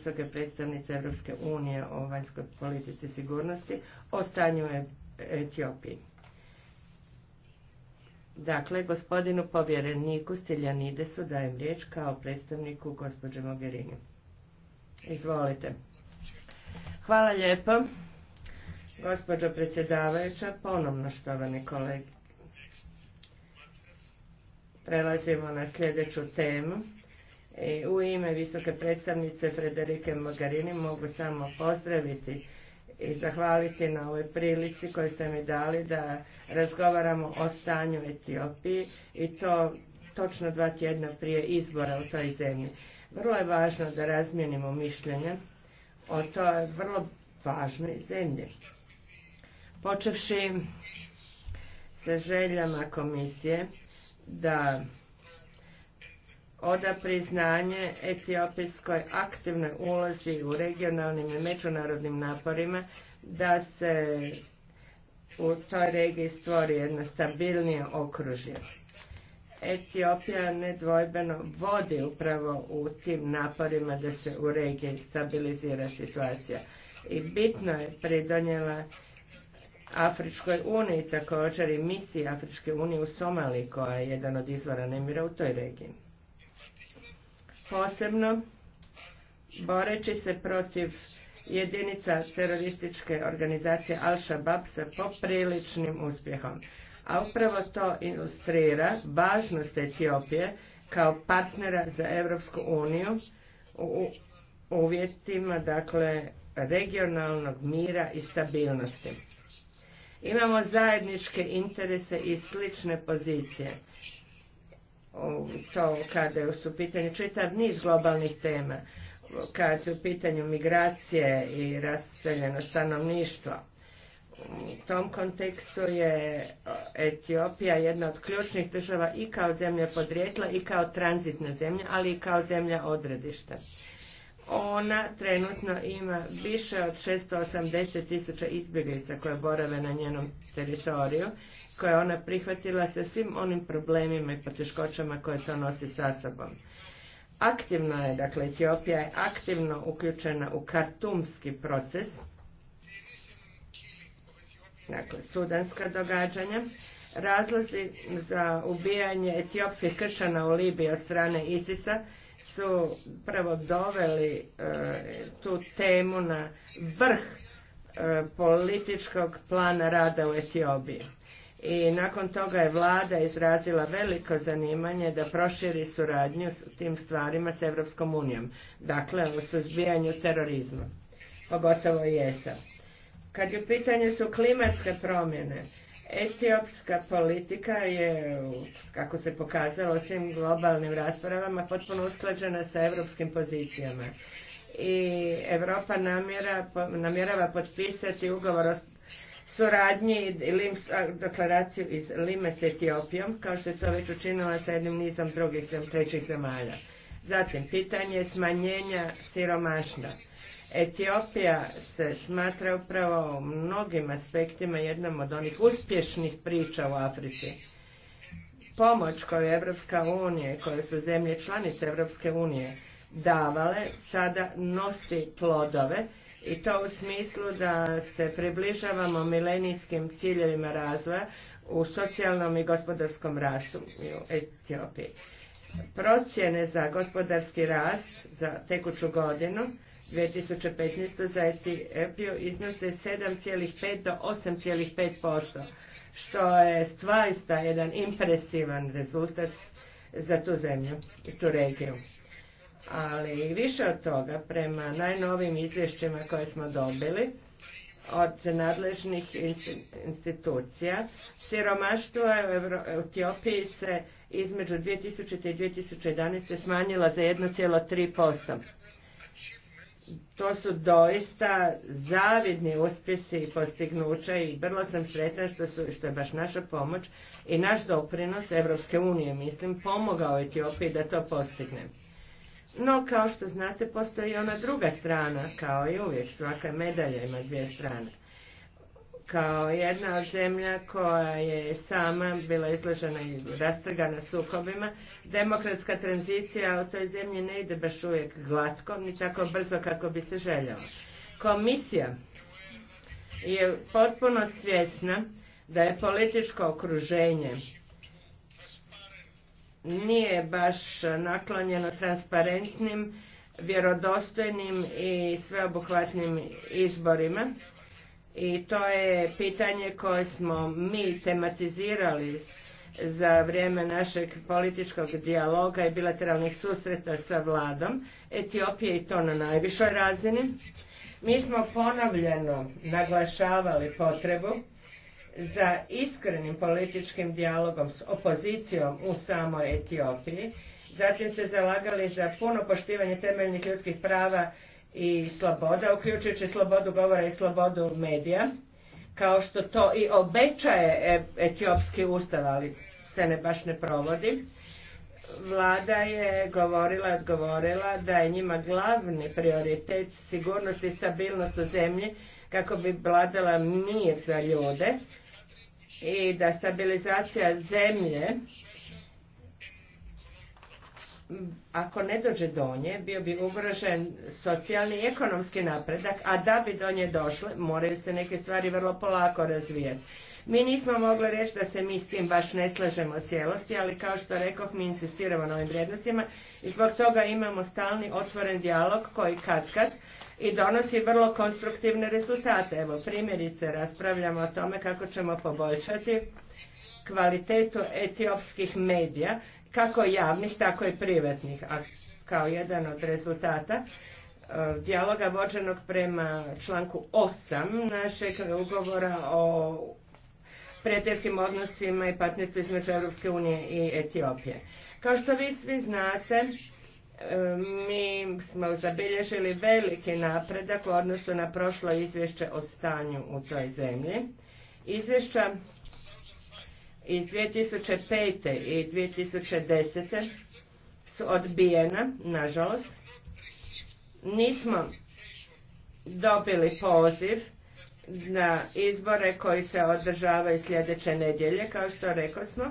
visoke predstavnice Europske unije o vanjskoj politici sigurnosti o stanju e, Etiopiji. Dakle, gospodinu povjereniku Stiljanidesu dajem riječ kao predstavniku gospođe Mogherini. Izvolite. Hvala lijepo. Gospođo predsjedavajuća, ponovno štovani kolege. Prelazimo na sljedeću temu. E, u ime visoke predstavnice Frederike Mogherini mogu samo pozdraviti i zahvaliti na ovoj prilici koju ste mi dali da razgovaramo o stanju Etiopiji i to točno dva tjedna prije izbora u toj zemlji. Vrlo je važno da razmijenimo mišljenje o toj vrlo važnoj zemlji. Počevši sa željama komisije da oda priznanje etiopijskoj aktivnoj ulozi u regionalnim i međunarodnim naporima da se u toj regiji stvori jedno stabilnije okružje. Etiopija nedvojbeno vodi upravo u tim naporima da se u regiji stabilizira situacija. I bitno je pridonjela Afričkoj uniji također i misiji Afričke unije u Somaliji koja je jedan od izvora nemira u toj regiji posebno boreći se protiv jedinica terorističke organizacije Al-Shabaab sa popriličnim uspjehom. A upravo to ilustrira važnost Etiopije kao partnera za Europsku uniju u uvjetima dakle regionalnog mira i stabilnosti. Imamo zajedničke interese i slične pozicije to kada su u pitanju čitav niz globalnih tema, kad su u pitanju migracije i raseljeno stanovništva. U tom kontekstu je Etiopija jedna od ključnih država i kao zemlja podrijetla i kao tranzitna zemlja, ali i kao zemlja odredišta. Ona trenutno ima više od 680 tisuća izbjeglica koje borave na njenom teritoriju, koje je ona prihvatila sa svim onim problemima i poteškoćama koje to nosi sa sobom. Aktivno je, dakle, Etiopija je aktivno uključena u kartumski proces, dakle, sudanska događanja. Razlozi za ubijanje etiopskih kršćana u Libiji od strane Isisa su upravo doveli e, tu temu na vrh e, političkog plana rada u Etiobiji. I nakon toga je vlada izrazila veliko zanimanje da proširi suradnju s tim stvarima s Evropskom unijom, dakle u suzbijanju terorizma, pogotovo i ESA. Kad je u pitanju su klimatske promjene, Etiopska politika je, kako se pokazalo svim globalnim raspravama, potpuno usklađena sa europskim pozicijama. I Europa namjerava potpisati ugovor o suradnji i deklaraciju iz Lime s Etiopijom, kao što je to već učinila sa jednim nizom drugih trećih zemalja. Zatim, pitanje smanjenja siromaštva Etiopija se smatra upravo u mnogim aspektima jednom od onih uspješnih priča u Africi. Pomoć koju je Evropska unija su zemlje članice Evropske unije davale sada nosi plodove i to u smislu da se približavamo milenijskim ciljevima razvoja u socijalnom i gospodarskom rastu u Etiopiji. Procjene za gospodarski rast za tekuću godinu 2015. za Etiopiju iznose 7,5 do 8,5%, što je stvarista jedan impresivan rezultat za tu zemlju i tu regiju. Ali više od toga, prema najnovim izvješćima koje smo dobili, od nadležnih institucija. Siromaštvo je u Etiopiji se između 2000. i 2011. smanjilo za 1,3% to su doista zavidni uspjesi i postignuća i vrlo sam sretna što, su, što je baš naša pomoć i naš doprinos Evropske unije, mislim, pomogao Etiopiji da to postigne. No, kao što znate, postoji ona druga strana, kao i uvijek, svaka medalja ima dvije strane kao jedna zemlja koja je sama bila izložena i rastrgana sukobima, demokratska tranzicija u toj zemlji ne ide baš uvijek glatko, ni tako brzo kako bi se željelo. Komisija je potpuno svjesna da je političko okruženje nije baš naklonjeno transparentnim, vjerodostojnim i sveobuhvatnim izborima i to je pitanje koje smo mi tematizirali za vrijeme našeg političkog dijaloga i bilateralnih susreta sa vladom Etiopije i to na najvišoj razini. Mi smo ponovljeno naglašavali potrebu za iskrenim političkim dijalogom s opozicijom u samoj Etiopiji. Zatim se zalagali za puno poštivanje temeljnih ljudskih prava i sloboda, uključujući slobodu govora i slobodu medija, kao što to i obećaje e, etiopski ustav, ali se ne baš ne provodi. Vlada je govorila i odgovorila da je njima glavni prioritet sigurnost i stabilnost u zemlji kako bi vladala mir za ljude i da stabilizacija zemlje ako ne dođe do nje, bio bi ugrožen socijalni i ekonomski napredak, a da bi do nje došle, moraju se neke stvari vrlo polako razvijati. Mi nismo mogli reći da se mi s tim baš ne slažemo cijelosti, ali kao što rekoh, mi insistiramo na ovim vrijednostima i zbog toga imamo stalni otvoren dijalog koji kad kad i donosi vrlo konstruktivne rezultate. Evo, primjerice, raspravljamo o tome kako ćemo poboljšati kvalitetu etiopskih medija kako javnih, tako i privatnih, a kao jedan od rezultata e, dijaloga vođenog prema članku 8 našeg ugovora o prijateljskim odnosima i partnerstvu između Europske unije i Etiopije. Kao što vi svi znate, e, mi smo zabilježili veliki napredak u odnosu na prošlo izvješće o stanju u toj zemlji. Izvješća iz 2005. i 2010. su odbijena, nažalost. Nismo dobili poziv na izbore koji se održavaju sljedeće nedjelje, kao što rekao smo.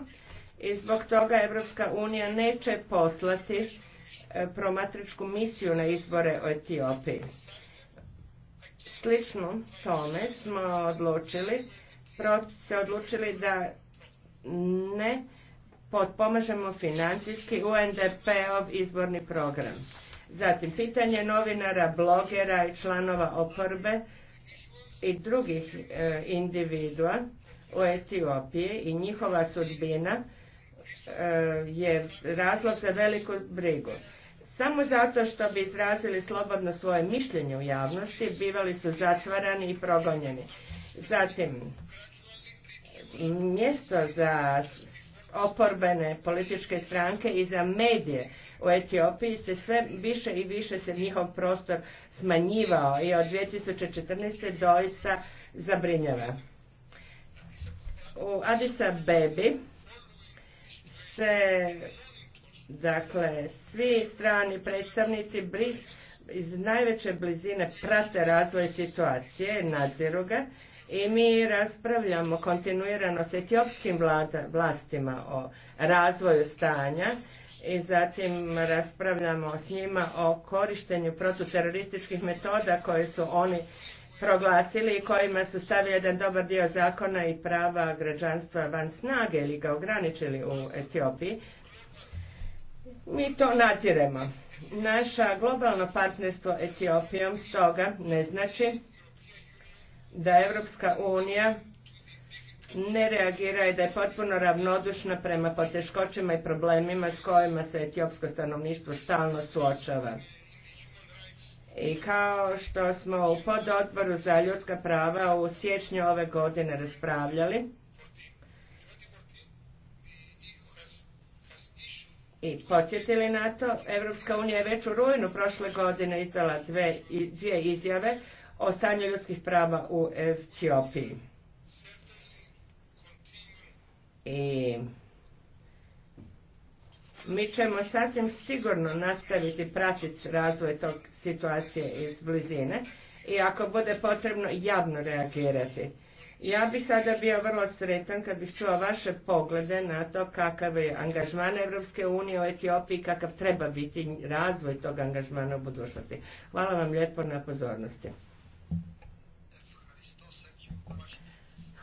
I zbog toga Evropska unija neće poslati e, promatračku misiju na izbore u Etiopiji. Slično tome smo odlučili, se odlučili da ne potpomažemo financijski UNDP-ov izborni program. Zatim, pitanje novinara, blogera i članova oporbe i drugih e, individua u Etiopiji i njihova sudbina e, je razlog za veliku brigu. Samo zato što bi izrazili slobodno svoje mišljenje u javnosti, bivali su zatvarani i progonjeni. Zatim, mjesto za oporbene političke stranke i za medije u Etiopiji se sve više i više se njihov prostor smanjivao i od 2014. doista zabrinjava. U Adisa Bebi se dakle svi strani predstavnici iz najveće blizine prate razvoj situacije, nadziru ga i mi raspravljamo kontinuirano s etiopskim vlastima o razvoju stanja i zatim raspravljamo s njima o korištenju protuterorističkih metoda koje su oni proglasili i kojima su stavili jedan dobar dio zakona i prava građanstva van snage ili ga ograničili u Etiopiji. Mi to nadziremo. Naša globalno partnerstvo Etiopijom stoga ne znači da Europska unija ne reagira i da je potpuno ravnodušna prema poteškoćama i problemima s kojima se etiopsko stanovništvo stalno suočava. I kao što smo u pododboru za ljudska prava u siječnju ove godine raspravljali, i podsjetili na to, Evropska unija je već u rujnu prošle godine izdala dvije izjave o stanju ljudskih prava u Etiopiji. I mi ćemo sasvim sigurno nastaviti pratiti razvoj tog situacije iz blizine i ako bude potrebno javno reagirati. Ja bih sada bio vrlo sretan kad bih čuo vaše poglede na to kakav je angažman Europske unije u Etiopiji, kakav treba biti razvoj tog angažmana u budućnosti. Hvala vam lijepo na pozornosti.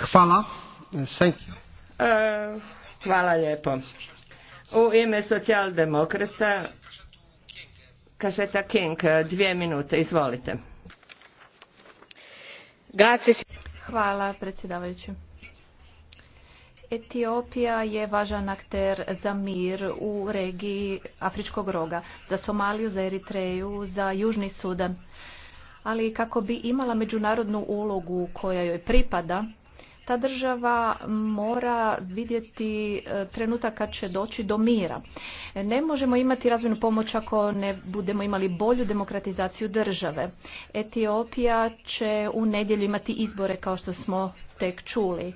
Hvala. Thank you. E, hvala lijepo. U ime socijaldemokrata Kaseta King, dvije minute, izvolite. Hvala predsjedavajući. Etiopija je važan akter za mir u regiji Afričkog roga, za Somaliju, za Eritreju, za Južni Sudan. Ali kako bi imala međunarodnu ulogu koja joj pripada, ta država mora vidjeti e, trenutak kad će doći do mira. Ne možemo imati razvojnu pomoć ako ne budemo imali bolju demokratizaciju države. Etiopija će u nedjelju imati izbore kao što smo tek čuli.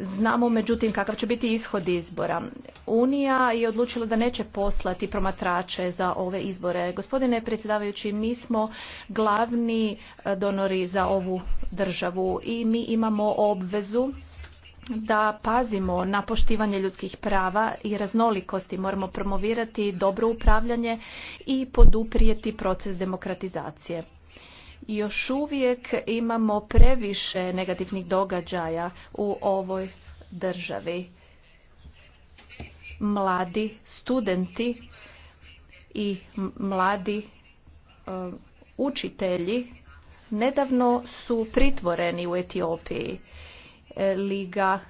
Znamo međutim kakav će biti ishod izbora. Unija je odlučila da neće poslati promatrače za ove izbore. Gospodine predsjedavajući, mi smo glavni e, donori za ovu državu i mi imamo obvezu da pazimo na poštivanje ljudskih prava i raznolikosti. Moramo promovirati dobro upravljanje i poduprijeti proces demokratizacije još uvijek imamo previše negativnih događaja u ovoj državi. Mladi studenti i mladi eh, učitelji nedavno su pritvoreni u Etiopiji. Eh, Liga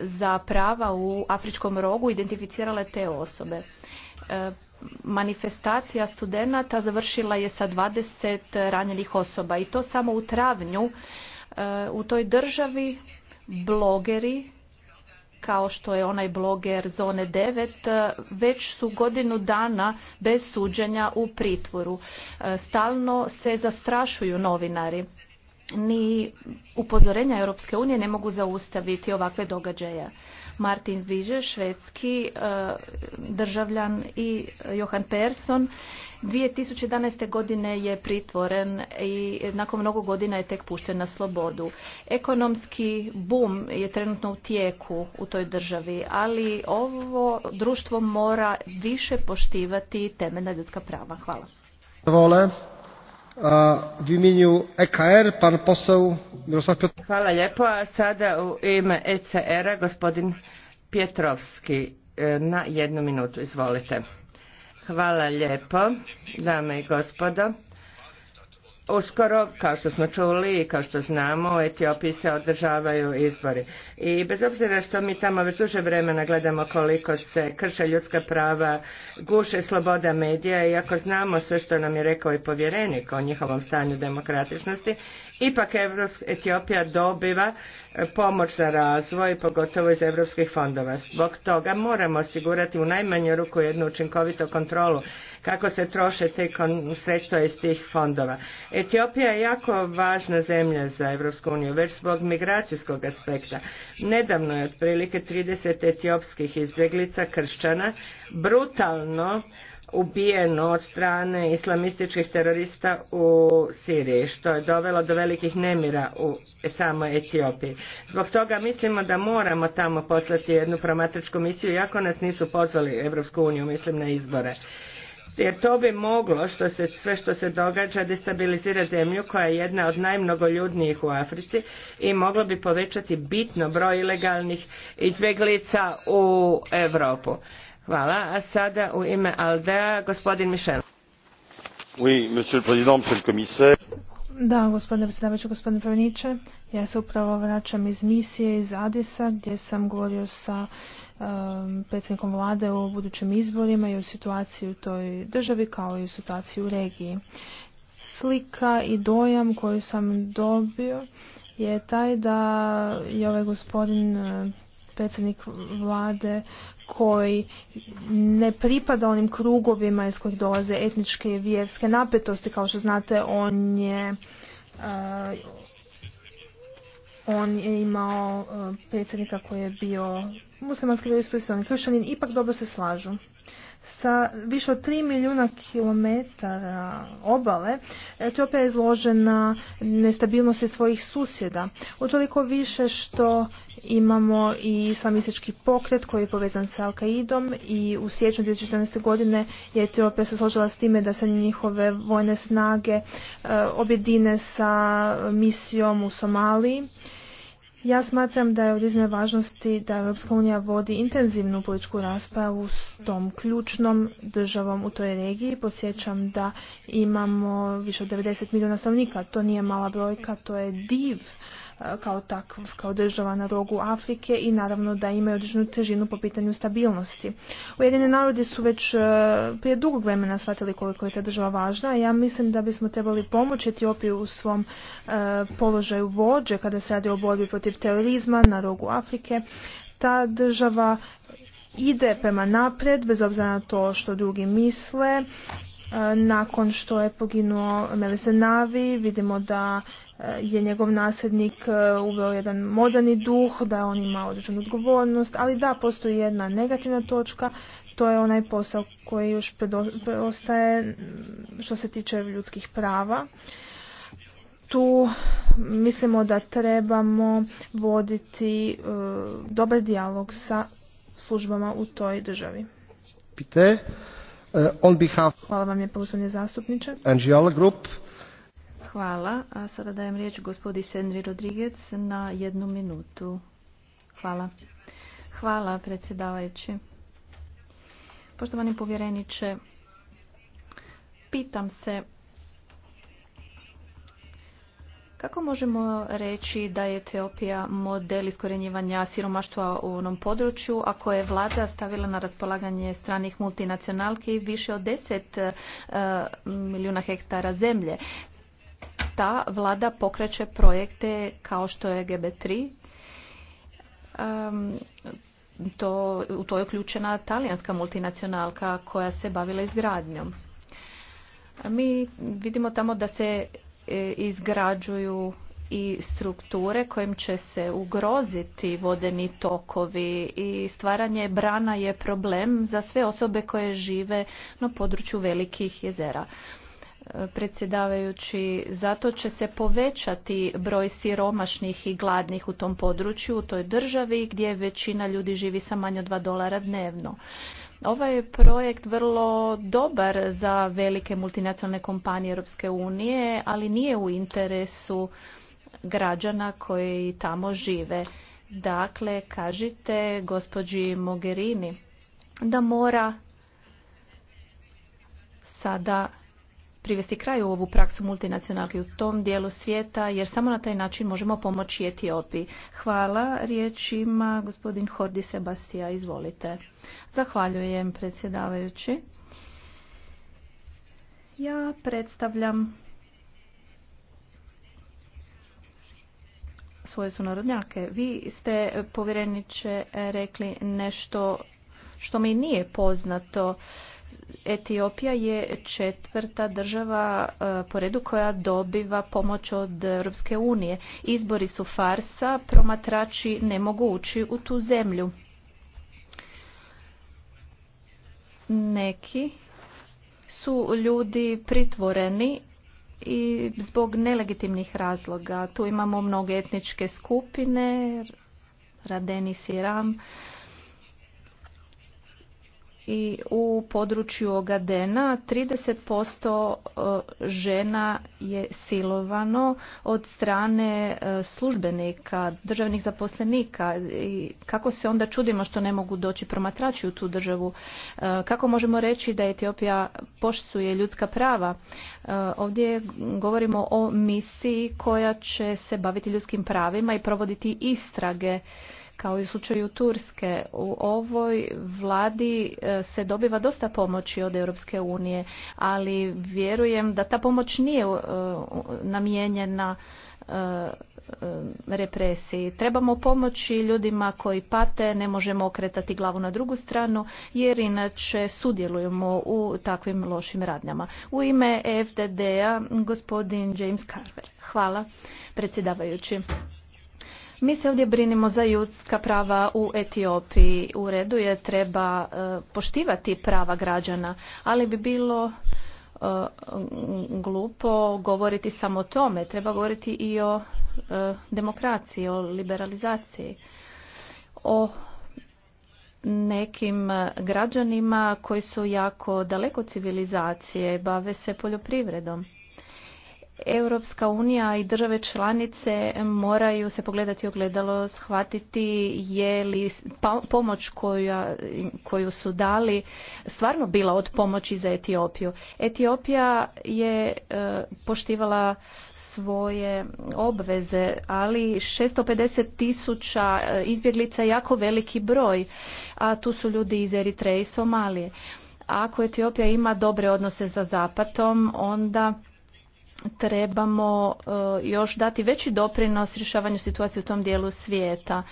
za prava u Afričkom rogu identificirala te osobe. Eh, manifestacija studenata završila je sa 20 ranjenih osoba i to samo u travnju e, u toj državi blogeri kao što je onaj bloger Zone 9, e, već su godinu dana bez suđenja u pritvoru. E, stalno se zastrašuju novinari. Ni upozorenja Europske unije ne mogu zaustaviti ovakve događaje. Martin Zbiže, švedski e, državljan i Johan Persson. 2011. godine je pritvoren i nakon mnogo godina je tek pušten na slobodu. Ekonomski bum je trenutno u tijeku u toj državi, ali ovo društvo mora više poštivati temeljna ljudska prava. Hvala. E Hvala lijepo, a sada u ime ECR-a gospodin Pietrovski e, na jednu minutu, izvolite. Hvala lijepo, dame i gospodo. Uskoro, kao što smo čuli i kao što znamo, u Etiopiji se održavaju izbori. I bez obzira što mi tamo već duže vremena gledamo koliko se krše ljudska prava, guše sloboda medija, i ako znamo sve što nam je rekao i povjerenik o njihovom stanju demokratičnosti, ipak Etiopija dobiva e, pomoć za razvoj, pogotovo iz europskih fondova. Zbog toga moramo osigurati u najmanju ruku jednu učinkovitu kontrolu kako se troše te sredstva iz tih fondova. Etiopija je jako važna zemlja za Europsku uniju, već zbog migracijskog aspekta. Nedavno je otprilike 30 etiopskih izbjeglica kršćana brutalno ubijeno od strane islamističkih terorista u Siriji, što je dovelo do velikih nemira u samoj Etiopiji. Zbog toga mislimo da moramo tamo poslati jednu promatračku misiju, iako nas nisu pozvali Europsku uniju, mislim na izbore jer to bi moglo što se, sve što se događa destabilizirati zemlju koja je jedna od najmnogoljudnijih u Africi i moglo bi povećati bitno broj ilegalnih izbjeglica u Europu. Hvala. A sada u ime Aldea gospodin Michel. Da, gospodine predsjedavajući, gospodine Pravniče, ja se upravo vraćam iz misije iz Adisa gdje sam govorio sa Um, predsjednikom vlade o budućim izborima i o situaciji u toj državi kao i o situaciji u regiji. Slika i dojam koju sam dobio je taj da je ovaj gospodin uh, predsjednik vlade koji ne pripada onim krugovima iz kojih dolaze etničke i vjerske napetosti. Kao što znate, on je uh, on je imao e, predsjednika koji je bio muslimanski vjeroispovjesnik kršćanin, ipak dobro se slažu sa više od 3 milijuna kilometara obale, Etiopija je izložena nestabilnosti svojih susjeda. Utoliko više što imamo i islamistički pokret koji je povezan sa al i u siječnju 2014. godine je Etiopija se složila s time da se njihove vojne snage e, objedine sa misijom u Somaliji ja smatram da je od izme važnosti da Europska unija vodi intenzivnu političku raspravu s tom ključnom državom u toj regiji. Podsjećam da imamo više od 90 milijuna stanovnika. To nije mala brojka, to je div E, kao takv, kao država na rogu Afrike i naravno da imaju određenu težinu po pitanju stabilnosti. Ujedine narodi su već e, prije dugog vremena shvatili koliko je ta država važna, i ja mislim da bismo trebali pomoći Etiopiju u svom e, položaju vođe kada se radi o borbi protiv terorizma na rogu Afrike. Ta država ide prema napred, bez obzira na to što drugi misle. Nakon što je poginuo Melisenavi, vidimo da Eh, je njegov nasljednik eh, uveo jedan moderni duh, da on ima određenu odgovornost, ali da, postoji jedna negativna točka, to je onaj posao koji još preostaje mm, što se tiče ljudskih prava. Tu mislimo da trebamo voditi eh, dobar dijalog sa službama u toj državi. on Hvala vam lijepo gospodine zastupniče. Hvala. A sada dajem riječ gospodi Senri Rodriguez na jednu minutu. Hvala. Hvala predsjedavajući. Poštovani povjereniče, pitam se kako možemo reći da je Etiopija model iskorjenjivanja siromaštva u onom području ako je vlada stavila na raspolaganje stranih multinacionalki više od 10 eh, milijuna hektara zemlje? ta vlada pokreće projekte kao što je GB3. to, u to je uključena talijanska multinacionalka koja se bavila izgradnjom. Mi vidimo tamo da se e, izgrađuju i strukture kojim će se ugroziti vodeni tokovi i stvaranje brana je problem za sve osobe koje žive na području velikih jezera predsjedavajući, zato će se povećati broj siromašnih i gladnih u tom području, u toj državi gdje većina ljudi živi sa manje od 2 dolara dnevno. Ovaj je projekt vrlo dobar za velike multinacionalne kompanije Europske unije, ali nije u interesu građana koji tamo žive. Dakle, kažite gospođi Mogherini da mora sada privesti kraju ovu praksu multinacionalki u tom dijelu svijeta, jer samo na taj način možemo pomoći Etiopiji. Hvala. Riječ ima gospodin Hordi Sebastija. Izvolite. Zahvaljujem predsjedavajući. Ja predstavljam svoje sunarodnjake. Vi ste, povjereniče, rekli nešto što mi nije poznato Etiopija je četvrta država e, po redu koja dobiva pomoć od Europske unije. Izbori su farsa, promatrači ne mogu ući u tu zemlju. Neki su ljudi pritvoreni i zbog nelegitimnih razloga. Tu imamo mnoge etničke skupine, Radeni Siram, i u području Ogadena 30% e, žena je silovano od strane e, službenika, državnih zaposlenika i kako se onda čudimo što ne mogu doći promatrači u tu državu e, kako možemo reći da Etiopija poštuje ljudska prava ovdje govorimo o misiji koja će se baviti ljudskim pravima i provoditi istrage kao i u slučaju Turske. U ovoj vladi e, se dobiva dosta pomoći od Europske unije, ali vjerujem da ta pomoć nije e, namijenjena e, represiji. Trebamo pomoći ljudima koji pate, ne možemo okretati glavu na drugu stranu jer inače sudjelujemo u takvim lošim radnjama. U ime FDD-a gospodin James Carver. Hvala predsjedavajući. Mi se ovdje brinimo za ljudska prava u Etiopiji. U redu je treba eh, poštivati prava građana, ali bi bilo eh, glupo govoriti samo o tome. Treba govoriti i o eh, demokraciji, o liberalizaciji, o nekim građanima koji su jako daleko civilizacije bave se poljoprivredom. Europska unija i države članice moraju se pogledati ogledalo, shvatiti je li pa, pomoć koju, su dali stvarno bila od pomoći za Etiopiju. Etiopija je e, poštivala svoje obveze, ali 650 tisuća e, izbjeglica je jako veliki broj, a tu su ljudi iz Eritreje i Somalije. Ako Etiopija ima dobre odnose sa Zapatom, onda trebamo e, još dati veći doprinos rješavanju situacije u tom dijelu svijeta.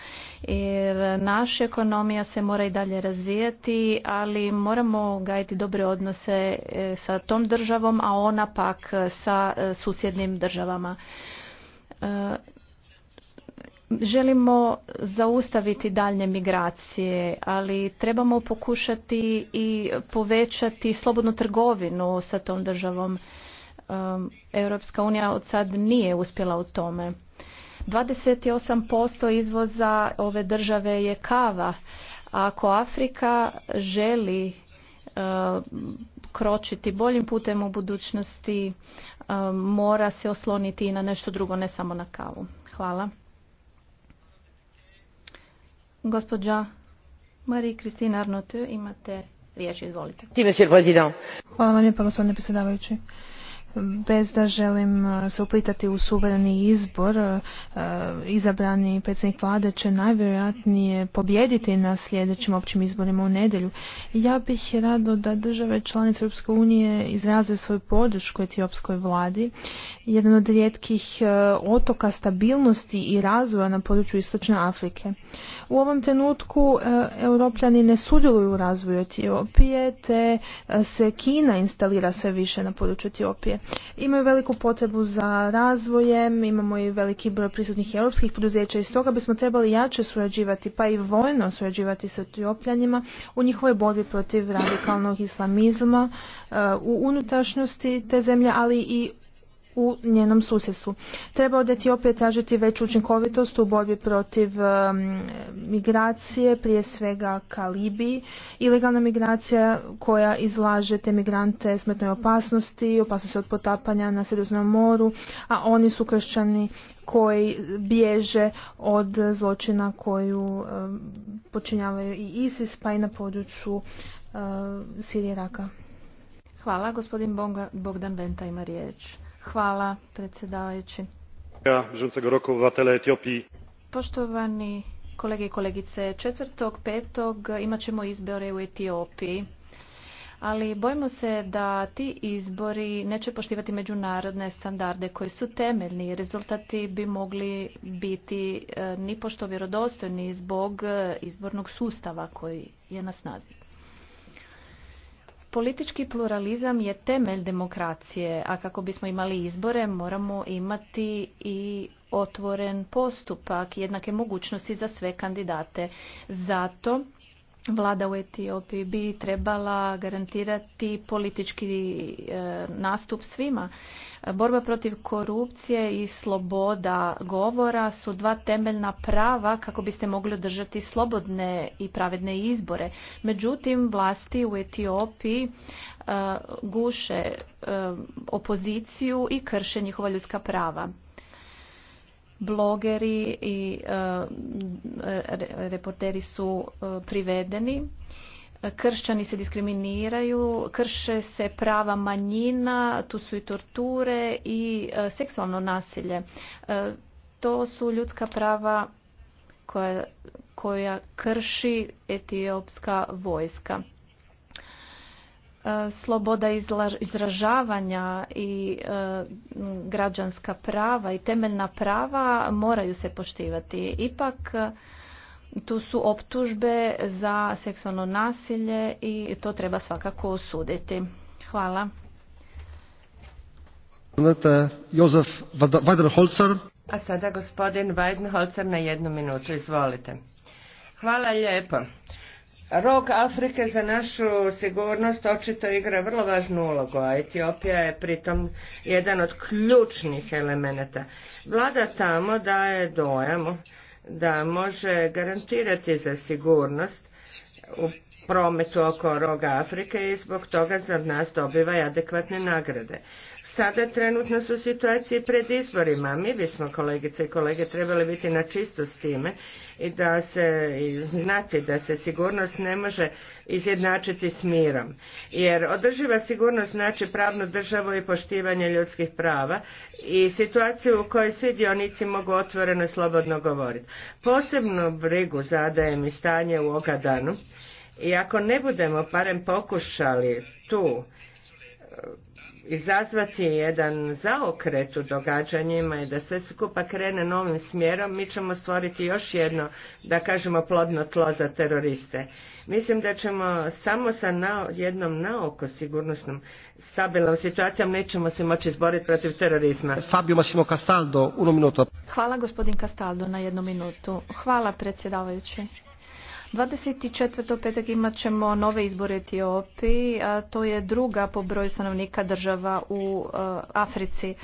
Jer naša ekonomija se mora i dalje razvijati, ali moramo gajiti dobre odnose e, sa tom državom, a ona pak sa e, susjednim državama. Želimo zaustaviti daljne migracije, ali trebamo pokušati i povećati slobodnu trgovinu sa tom državom Um, Europska unija od sad nije uspjela u tome. 28% izvoza ove države je kava. A ako Afrika želi uh, kročiti boljim putem u budućnosti, um, mora se osloniti i na nešto drugo, ne samo na kavu. Hvala. Gospođa marie Kristina Arnotu, imate riječ, izvolite. Hvala vam lijepa, gospodine predsjedavajući bez da želim e, se uplitati u suvereni izbor, e, e, izabrani predsjednik vlade će najvjerojatnije pobjediti na sljedećim općim izborima u nedjelju. Ja bih rado da države članice Europske unije izraze svoju podršku etiopskoj vladi. Jedan od rijetkih otoka stabilnosti i razvoja na području Istočne Afrike. U ovom trenutku europljani ne sudjeluju u razvoju Etiopije, te se Kina instalira sve više na području Etiopije imaju veliku potrebu za razvojem, imamo i veliki broj prisutnih europskih poduzeća i stoga bismo trebali jače surađivati, pa i vojno surađivati sa etiopljanima u njihovoj borbi protiv radikalnog islamizma e, u unutrašnjosti te zemlje, ali i u njenom susjedstvu. Treba od Etiopije tražiti veću učinkovitost u borbi protiv migracije, prije svega ka Ilegalna migracija koja izlaže te migrante smrtnoj opasnosti, opasnosti od potapanja na Sredozemnom moru, a oni su kršćani koji bježe od zločina koju počinjavaju i ISIS pa i na području Sirije Raka. Hvala, gospodin Bogdan Benta ima riječ. Hvala, predsjedavajući. Poštovani kolege i kolegice, četvrtog, petog imat ćemo izbore u Etiopiji. Ali bojimo se da ti izbori neće poštivati međunarodne standarde koji su temeljni. Rezultati bi mogli biti eh, nipošto vjerodostojni zbog eh, izbornog sustava koji je na snazi. Politički pluralizam je temelj demokracije, a kako bismo imali izbore moramo imati i otvoren postupak, jednake mogućnosti za sve kandidate. Zato vlada u Etiopiji bi trebala garantirati politički e, nastup svima. Borba protiv korupcije i sloboda govora su dva temeljna prava kako biste mogli održati slobodne i pravedne izbore. Međutim, vlasti u Etiopiji e, guše e, opoziciju i krše njihova ljudska prava blogeri i e, reporteri su e, privedeni kršćani se diskriminiraju, krše se prava manjina, tu su i torture i e, seksualno nasilje. To su ljudska prava koja, krši etiopska vojska. E, sloboda izražavanja i e, građanska prava i temeljna prava moraju se poštivati. Ipak e, tu su optužbe za seksualno nasilje i to treba svakako osuditi. Hvala. A sada gospodin Weidenholzer na jednu minutu. Izvolite. Hvala lijepo. Rog Afrike za našu sigurnost očito igra vrlo važnu ulogu, a Etiopija je pritom jedan od ključnih elemenata. Vlada tamo daje dojam da može garantirati za sigurnost u prometu oko roga Afrike i zbog toga za nas dobiva i adekvatne nagrade sada trenutno su situacije pred izvorima. Mi bismo, kolegice i kolege, trebali biti na čisto s time i da se znati da se sigurnost ne može izjednačiti s mirom. Jer održiva sigurnost znači pravnu državu i poštivanje ljudskih prava i situaciju u kojoj svi dionici mogu otvoreno i slobodno govoriti. Posebnu brigu zadajem i stanje u Ogadanu i ako ne budemo barem pokušali tu izazvati jedan zaokret u događanjima i da sve skupa krene novim smjerom, mi ćemo stvoriti još jedno, da kažemo, plodno tlo za teroriste. Mislim da ćemo samo sa na, jednom naoko sigurnosnom stabilnom situacijom nećemo se moći izboriti protiv terorizma. Fabio Massimo Castaldo, uno minuto. Hvala gospodin Castaldo na jednu minutu. Hvala predsjedavajući. 24. petak imat ćemo nove izbore Etiopiji, a to je druga po broju stanovnika država u eh, Africi.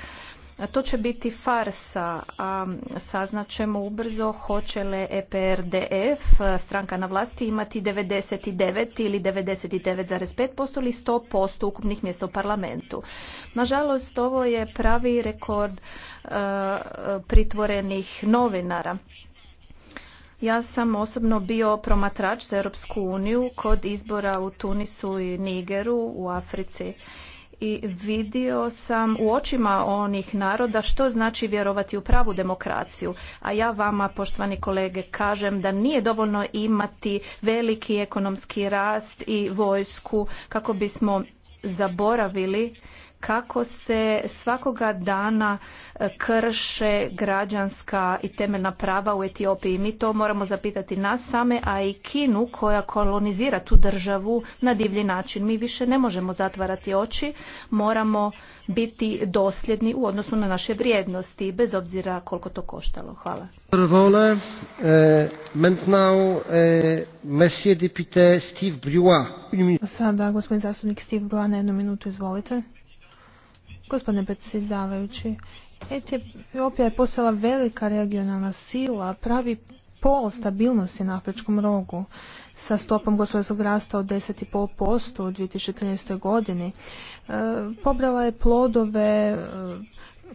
To će biti farsa, a saznat ćemo ubrzo hoće li EPRDF, stranka na vlasti, imati 99 ili 99,5% ili 100% ukupnih mjesta u parlamentu. Nažalost, ovo je pravi rekord eh, pritvorenih novinara. Ja sam osobno bio promatrač za Europsku uniju kod izbora u Tunisu i Nigeru u Africi i vidio sam u očima onih naroda što znači vjerovati u pravu demokraciju. A ja vama, poštovani kolege, kažem da nije dovoljno imati veliki ekonomski rast i vojsku kako bismo zaboravili kako se svakoga dana e, krše građanska i temeljna prava u Etiopiji. Mi to moramo zapitati nas same, a i Kinu koja kolonizira tu državu na divlji način. Mi više ne možemo zatvarati oči, moramo biti dosljedni u odnosu na naše vrijednosti, bez obzira koliko to koštalo. Hvala. E, e, Sada gospodin zastupnik Steve Brua na jednu minutu, izvolite. Gospodine predsjedavajući, Etiopija je postala velika regionalna sila, pravi pol stabilnosti na Afričkom rogu sa stopom gospodarskog rasta od 10,5% u 2013. godini. E, pobrala je plodove e,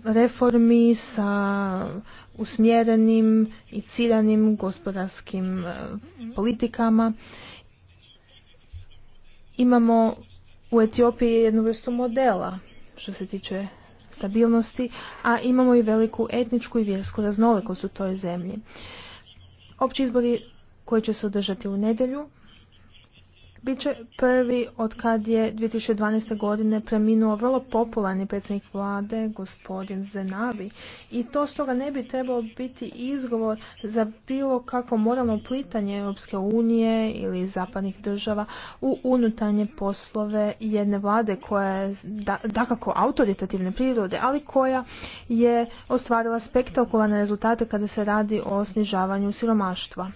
reformi sa usmjerenim i ciljanim gospodarskim e, politikama. Imamo u Etiopiji jednu vrstu modela što se tiče stabilnosti, a imamo i veliku etničku i vjersku raznolikost u toj zemlji. Opći izbori koji će se održati u nedjelju bit će prvi od kad je 2012. godine preminuo vrlo popularni predsjednik vlade, gospodin Zenavi. I to stoga ne bi trebao biti izgovor za bilo kako moralno plitanje Europske unije ili zapadnih država u unutarnje poslove jedne vlade koja je dakako autoritativne prirode, ali koja je ostvarila spektakularne rezultate kada se radi o snižavanju siromaštva.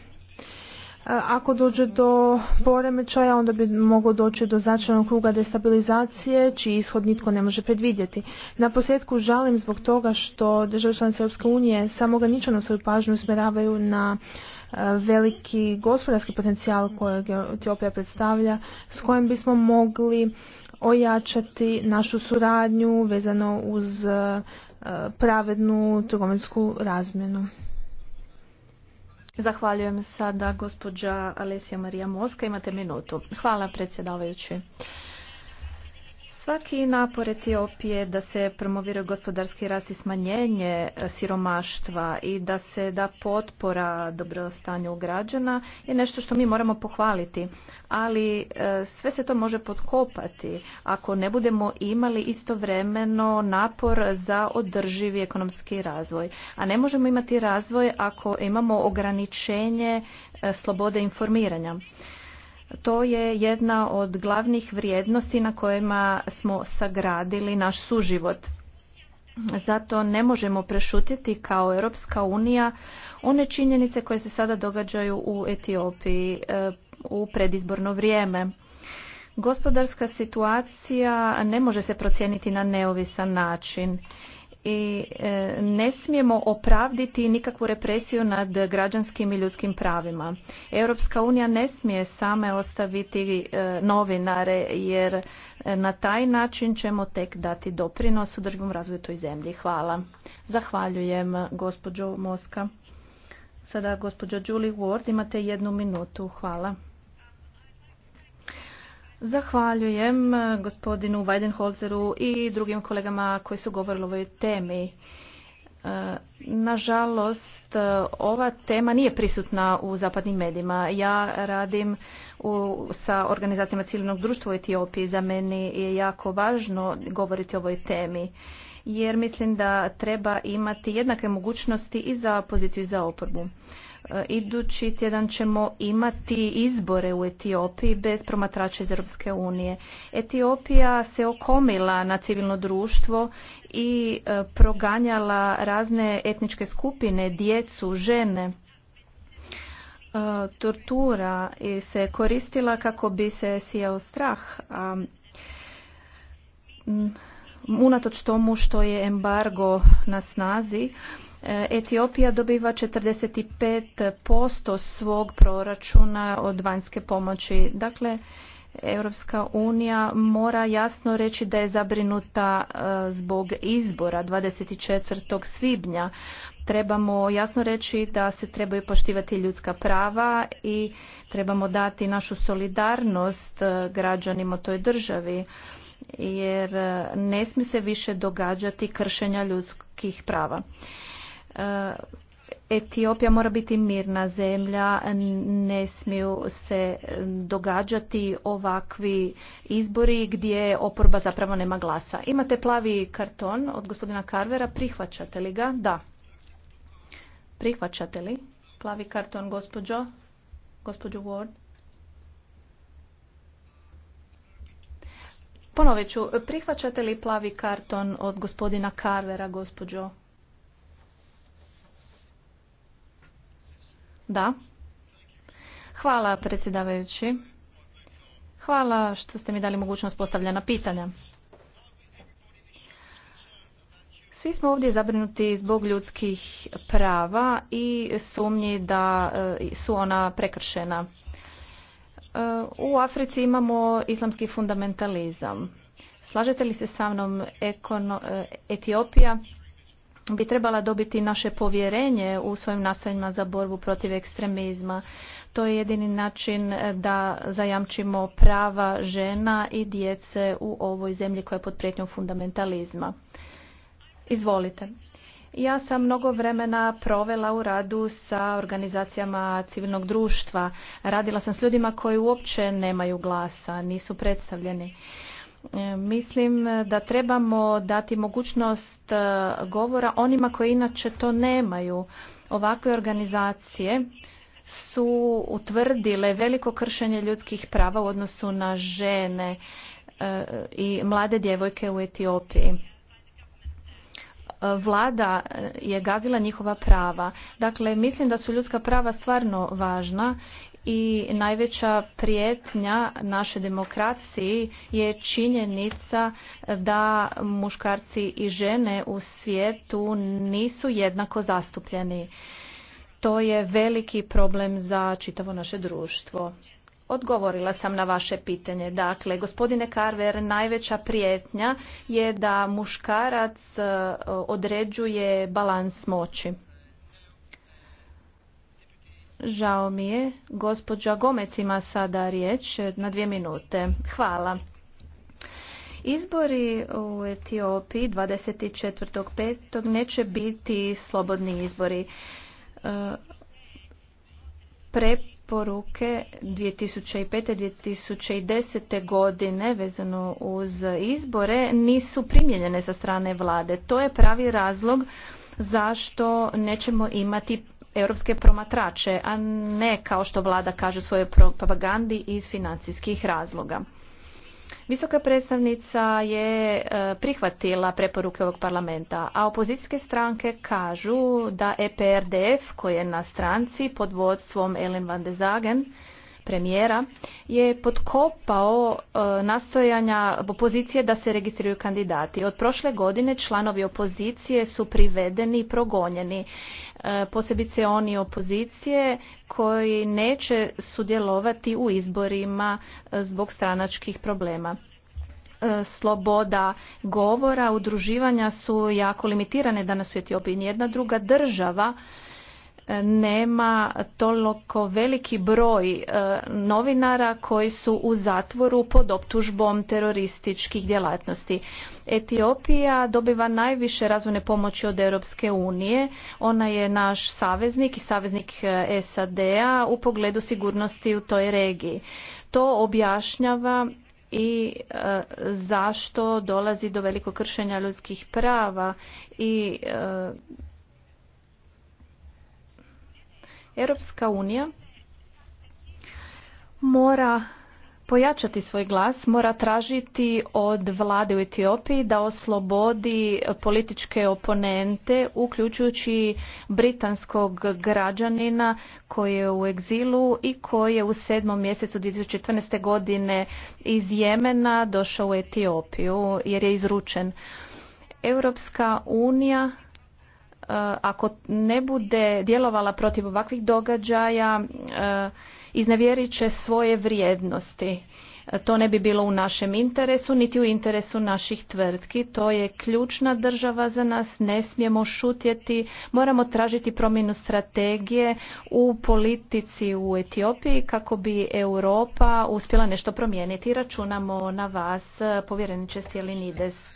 Ako dođe do poremećaja, onda bi moglo doći do značajnog kruga destabilizacije, čiji ishod nitko ne može predvidjeti. Na posljedku žalim zbog toga što države članice Europske unije samo ograničeno svoju pažnju usmjeravaju na e, veliki gospodarski potencijal kojeg Etiopija predstavlja, s kojim bismo mogli ojačati našu suradnju vezano uz e, pravednu trgovinsku razmjenu. Zahvaljujem sada gospođa Alesija Marija Moska. Imate minutu. Hvala predsjedavajući. Svaki napor Etiopije da se promoviraju gospodarski rast i smanjenje e, siromaštva i da se da potpora dobrostanju građana je nešto što mi moramo pohvaliti. Ali e, sve se to može potkopati ako ne budemo imali istovremeno napor za održivi ekonomski razvoj. A ne možemo imati razvoj ako imamo ograničenje e, slobode informiranja. To je jedna od glavnih vrijednosti na kojima smo sagradili naš suživot. Zato ne možemo prešutjeti kao Europska unija one činjenice koje se sada događaju u Etiopiji e, u predizborno vrijeme. Gospodarska situacija ne može se procijeniti na neovisan način i e, ne smijemo opravditi nikakvu represiju nad građanskim i ljudskim pravima. Europska unija ne smije same ostaviti e, novinare jer e, na taj način ćemo tek dati doprinos održivom razvoju toj zemlji. Hvala. Zahvaljujem gospođo Moska. Sada gospođo Julie Ward imate jednu minutu. Hvala. Zahvaljujem eh, gospodinu Weidenholzeru i drugim kolegama koji su govorili o ovoj temi. Eh, nažalost, eh, ova tema nije prisutna u zapadnim medijima. Ja radim u, sa organizacijama civilnog društva u Etiopiji. Za meni je jako važno govoriti o ovoj temi jer mislim da treba imati jednake mogućnosti i za poziciju i za oporbu. E, idući tjedan ćemo imati izbore u Etiopiji bez promatrača iz Europske unije. Etiopija se okomila na civilno društvo i e, proganjala razne etničke skupine, djecu, žene e, tortura se koristila kako bi se sijao strah. unatoč tomu što je embargo na snazi, Etiopija dobiva 45% svog proračuna od vanjske pomoći. Dakle, Europska unija mora jasno reći da je zabrinuta e, zbog izbora 24. svibnja. Trebamo jasno reći da se trebaju poštivati ljudska prava i trebamo dati našu solidarnost e, građanima toj državi jer e, ne smije se više događati kršenja ljudskih prava. Eh, Etiopija mora biti mirna zemlja, ne smiju se događati ovakvi izbori gdje oporba zapravo nema glasa. Imate plavi karton od gospodina Karvera, prihvaćate li ga? Da. Prihvaćate li plavi karton gospođo? Gospođo Ward? Ponovit ću, prihvaćate li plavi karton od gospodina Karvera, gospođo Da. Hvala predsjedavajući. Hvala što ste mi dali mogućnost postavljanja pitanja. Svi smo ovdje zabrinuti zbog ljudskih prava i sumnji da e, su ona prekršena. E, u Africi imamo islamski fundamentalizam. Slažete li se sa mnom e, Etiopija bi trebala dobiti naše povjerenje u svojim nastojanjima za borbu protiv ekstremizma. To je jedini način e, da zajamčimo prava žena i djece u ovoj zemlji koja je pod prijetnjom fundamentalizma. Izvolite. Ja sam mnogo vremena provela u radu sa organizacijama civilnog društva. Radila sam s ljudima koji uopće nemaju glasa, nisu predstavljeni. E, mislim e, da trebamo dati mogućnost e, govora onima koji inače to nemaju. Ovakve organizacije su utvrdile veliko kršenje ljudskih prava u odnosu na žene i mlade djevojke u Etiopiji. Vlada je gazila njihova prava. Dakle, mislim da su ljudska prava stvarno važna i najveća prijetnja naše demokraciji je činjenica da muškarci i žene u svijetu nisu jednako zastupljeni. To je veliki problem za čitavo naše društvo. Odgovorila sam na vaše pitanje. Dakle, gospodine Carver, najveća prijetnja je da muškarac e, određuje balans moći. Žao mi je. Gospođa Gomec ima sada riječ na dvije minute. Hvala. Izbori u Etiopiji 24.5. neće biti slobodni izbori. E, preporuke 2005. 2010. godine vezano uz izbore nisu primjenjene sa strane vlade. To je pravi razlog zašto nećemo imati europske promatrače, a ne kao što vlada kaže u svojoj propagandi iz financijskih razloga. Visoka predstavnica je e, prihvatila preporuke ovog parlamenta, a opozicijske stranke kažu da EPRDF koji je na stranci pod vodstvom Ellen van de Zagen premijera je podkopao e, nastojanja opozicije da se registriraju kandidati. Od prošle godine članovi opozicije su privedeni i progonjeni. E, posebice oni opozicije koji neće sudjelovati u izborima e, zbog stranačkih problema e, sloboda govora, udruživanja su jako limitirane danas u Etiopiji. Nijedna druga država nema toliko veliki broj e, novinara koji su u zatvoru pod optužbom terorističkih djelatnosti. Etiopija dobiva najviše razvojne pomoći od Europske unije. Ona je naš saveznik i saveznik e, SAD-a u pogledu sigurnosti u toj regiji. To objašnjava i e, zašto dolazi do velikog kršenja ljudskih prava i Europska unija mora pojačati svoj glas, mora tražiti od vlade u Etiopiji da oslobodi političke oponente, uključujući britanskog građanina koji je u egzilu i koji je u sedmom mjesecu 2014. godine iz Jemena došao u Etiopiju jer je izručen. Europska unija Eh, ako ne bude djelovala protiv ovakvih događaja eh, iznevjerit će svoje vrijednosti. Eh, to ne bi bilo u našem interesu, niti u interesu naših tvrtki. To je ključna država za nas, ne smijemo šutjeti, moramo tražiti promjenu strategije u politici u Etiopiji kako bi Europa uspjela nešto promijeniti. Računamo na vas, povjereniče Stjelinides.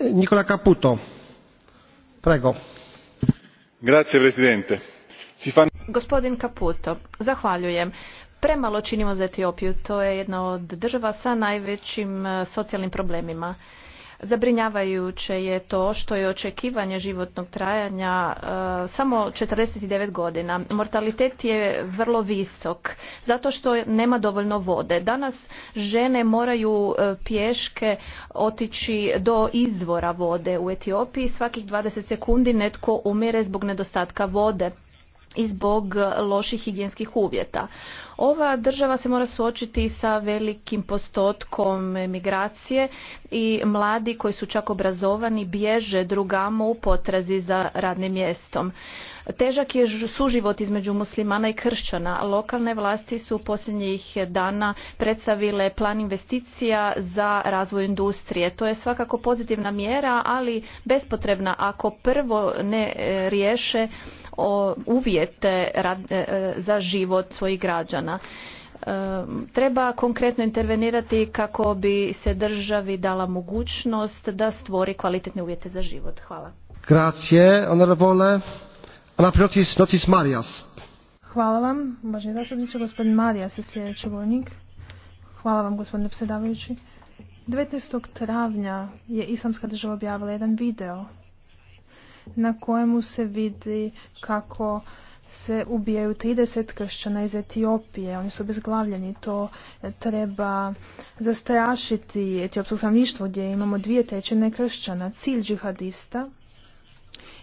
gospodine predsjedniče gospodin caputo zahvaljujem premalo činimo za etiopiju to je jedna od država sa najvećim eh, socijalnim problemima Zabrinjavajuće je to što je očekivanje životnog trajanja e, samo samo 49 godina. Mortalitet je vrlo visok zato što nema dovoljno vode. Danas žene moraju e, pješke otići do izvora vode u Etiopiji. Svakih 20 sekundi netko umire zbog nedostatka vode i zbog e, loših higijenskih uvjeta. Ova država se mora suočiti sa velikim postotkom migracije i mladi koji su čak obrazovani bježe drugamo u potrazi za radnim mjestom. Težak je suživot između muslimana i kršćana. Lokalne vlasti su u posljednjih dana predstavile plan investicija za razvoj industrije. To je svakako pozitivna mjera, ali bespotrebna ako prvo ne e, riješe uvjete e, e, za život svojih građana. E, treba konkretno intervenirati kako bi se državi dala mogućnost da stvori kvalitetne uvjete za život. Hvala. Grazie, onorevole. naprijed notis Marias. Hvala vam, uvaženi zastupniče, gospodin Marijas je sljedeći Hvala vam, gospodine predsjedavajući. 19. travnja je Islamska država objavila jedan video na kojemu se vidi kako se ubijaju 30 kršćana iz Etiopije. Oni su bezglavljeni. To treba zastrašiti etiopsko stanovništvo gdje imamo dvije tečene kršćana. Cilj džihadista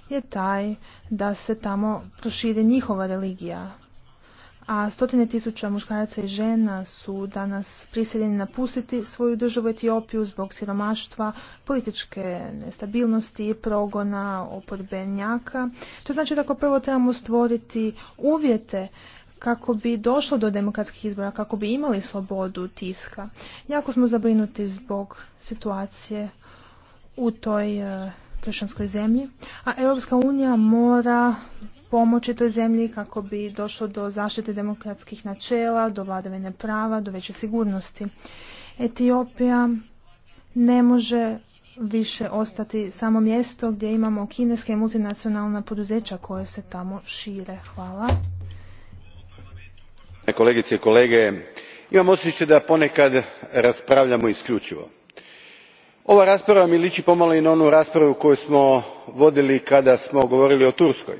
je taj da se tamo proširi njihova religija a stotine tisuća muškaraca i žena su danas prisiljeni napustiti svoju državu Etiopiju zbog siromaštva, političke nestabilnosti i progona oporbenjaka. To znači da ako prvo trebamo stvoriti uvjete kako bi došlo do demokratskih izbora, kako bi imali slobodu tiska. Jako smo zabrinuti zbog situacije u toj eh, kršćanskoj zemlji, a Europska unija mora pomoći toj zemlji kako bi došlo do zaštite demokratskih načela, do vladavine prava, do veće sigurnosti. Etiopija ne može više ostati samo mjesto gdje imamo kineske multinacionalna poduzeća koje se tamo šire. Hvala. Kolegice i kolege, imam osjećaj da ponekad raspravljamo isključivo. Ova rasprava mi liči pomalo i na onu raspravu koju smo vodili kada smo govorili o Turskoj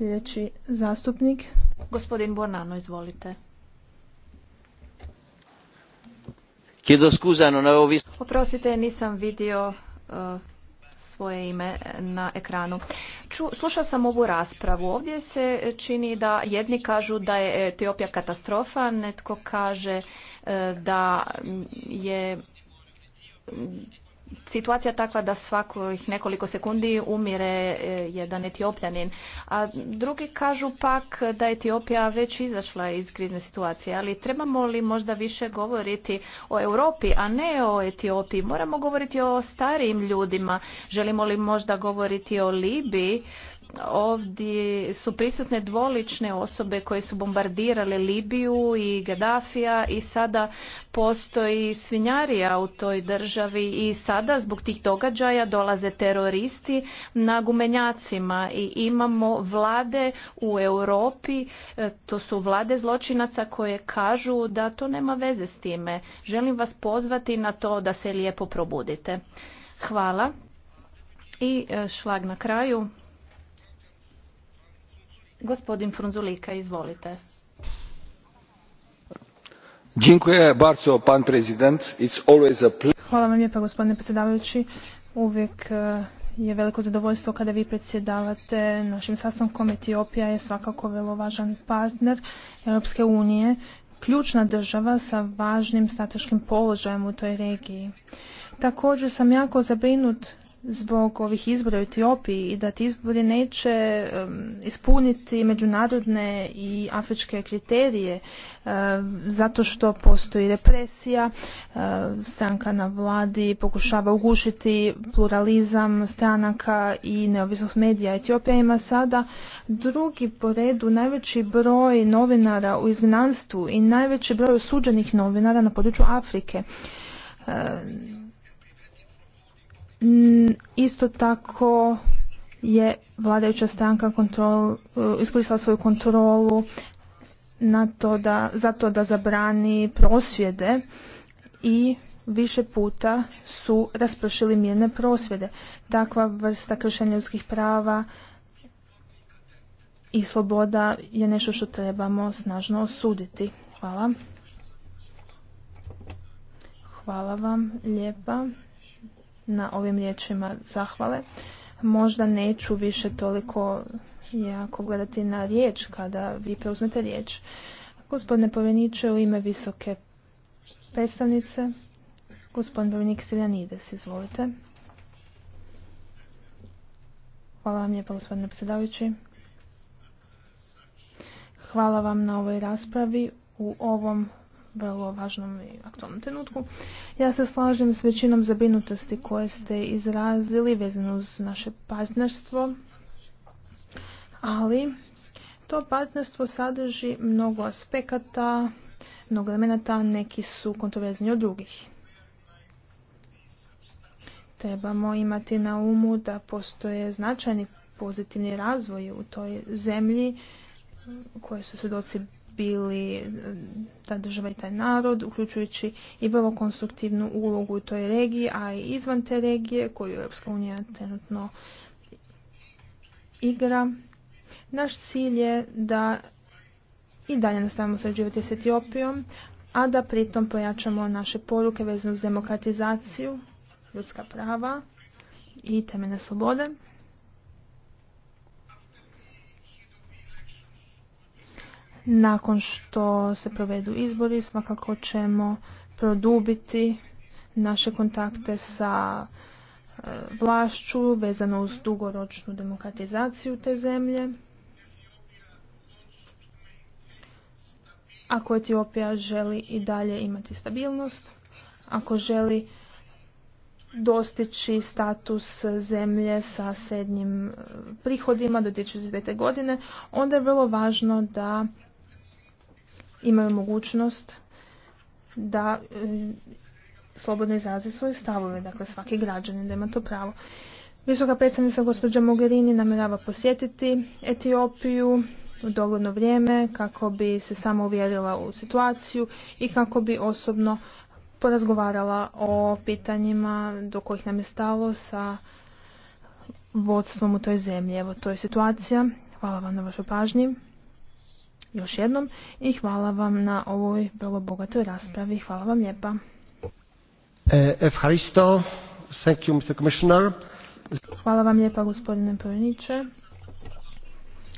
Sljedeći zastupnik. Gospodin bornano izvolite. Oprostite, nisam vidio uh, svoje ime na ekranu. slušao sam ovu raspravu. Ovdje se čini da jedni kažu da je Etiopija katastrofa, netko kaže uh, da je situacija takva da svakih nekoliko sekundi umire e, jedan etiopljanin. A drugi kažu pak da Etiopija već izašla iz krizne situacije, ali trebamo li možda više govoriti o Europi, a ne o Etiopiji? Moramo govoriti o starijim ljudima. Želimo li možda govoriti o Libiji? ovdje su prisutne dvolične osobe koje su bombardirale Libiju i Gaddafija i sada postoji svinjarija u toj državi i sada zbog tih događaja dolaze teroristi na gumenjacima i imamo vlade u Europi, e, to su vlade zločinaca koje kažu da to nema veze s time. Želim vas pozvati na to da se lijepo probudite. Hvala. I e, šlag na kraju. Gospodin Frunzulika, izvolite. Hvala vam lijepa gospodine predsjedavajući. Uvijek e, je veliko zadovoljstvo kada vi predsjedavate našim sastankom. Etiopija je svakako vrlo važan partner Europske unije, ključna država sa važnim strateškim položajem u toj regiji. Također sam jako zabrinut zbog ovih izbora u Etiopiji i da ti izbori neće ispuniti međunarodne i afričke kriterije zato što postoji represija, stranka na vladi pokušava ugušiti pluralizam stranaka i neovisnih medija. Etiopija ima sada drugi po redu najveći broj novinara u izgnanstvu i najveći broj osuđenih novinara na području Afrike. Isto tako je vladajuća stranka kontrol, eh, iskoristila svoju kontrolu na da, za to da zabrani prosvjede i više puta su raspršili mirne prosvjede. Takva vrsta kršenja ljudskih prava i sloboda je nešto što trebamo snažno osuditi. Hvala. Hvala vam lijepa na ovim riječima zahvale. Možda neću više toliko jako gledati na riječ kada vi preuzmete riječ. Gospodine povjeniče, u ime visoke predstavnice, gospodin povjenik Siljanides, izvolite. Hvala vam lijepo, gospodine predsjedavajući. Hvala vam na ovoj raspravi u ovom vrlo važnom i aktualnom trenutku. Ja se slažem s većinom zabrinutosti koje ste izrazili vezano uz naše partnerstvo, ali to partnerstvo sadrži mnogo aspekata, mnogo elemenata, neki su kontroverzni od drugih. Trebamo imati na umu da postoje značajni pozitivni razvoj u toj zemlji koje su svjedoci bili ta država i taj narod, uključujući i vrlo konstruktivnu ulogu u toj regiji, a i izvan te regije koju Europska unija trenutno igra. Naš cilj je da i dalje nastavimo sređivati s Etiopijom, a da pritom pojačamo naše poruke vezane uz demokratizaciju, ljudska prava i temene slobode. Nakon što se provedu izbori, svakako ćemo produbiti naše kontakte sa e, vlašću vezano uz dugoročnu demokratizaciju te zemlje. Ako Etiopija želi i dalje imati stabilnost, ako želi dostići status zemlje sa srednjim e, prihodima do 2009. godine, onda je vrlo važno da imaju mogućnost da e, slobodno izrazi svoje stavove, dakle svaki građanin da ima to pravo. Visoka predstavnica gospođa Mogherini namjerava posjetiti Etiopiju u dogledno vrijeme kako bi se samo uvjerila u situaciju i kako bi osobno porazgovarala o pitanjima do kojih nam je stalo sa vodstvom u toj zemlji. Evo, to je situacija. Hvala vam na vašoj pažnji još jednom i hvala vam na ovoj vrlo bogatoj raspravi. Hvala vam lijepa. E, hvala vam lijepa gospodine predsjedniče